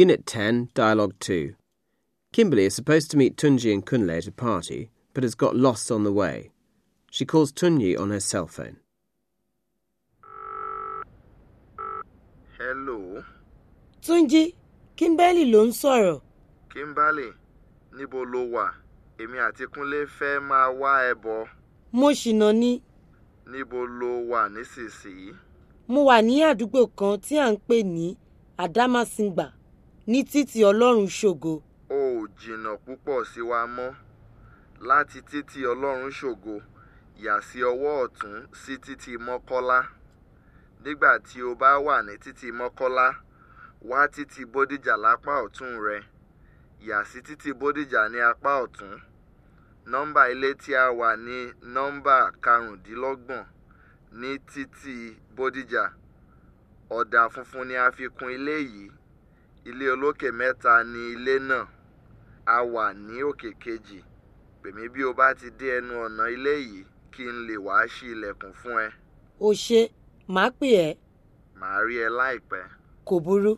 Unit 10, Dialogue 2. Kimberly is supposed to meet Tunji and Kunle at a party, but has got lost on the way. She calls Tunji on her cell phone. Hello. Tunji, Kimberly ló ń sọ̀rọ̀. Kimberly, níbo lo wà? Èmi àti wá ẹ bọ̀. Mo ṣìnà ni. Níbo lo wà nísinsìnyí? Mo wà ní àdúgbò kan tí à ń pè ní Adámàsìngbà. ní títí ọlọ́run ṣògo. o ò jìnnà púpọ̀ sí wa mọ́ láti títí ọlọ́run ṣògo yà sí ọwọ́ ọ̀tún sí títí mọ́kọ́lá nígbà tí o bá wà ní títí mọ́kọ́lá wá títí bódìjà lápá ọ̀tún rẹ yà sí títí bódìjà ní apá ọ̀tún nọ́mbà ilé tí a wà ní nọ́mbà karùndínlọ́gbọ̀n ní títí bódìjà ọ̀dà funfun ni a fi kun ilé yìí ilé olókè mẹ́ta ni ilé náà a wà ní òkè kejì pèmí bí o bá ti dé ẹnu ọ̀nà ilé yìí kí n lè wàá ṣí ilẹ̀kùn fún ẹ. o ṣe màá pè ẹ́. màá rí ẹ láìpẹ́. kò burú.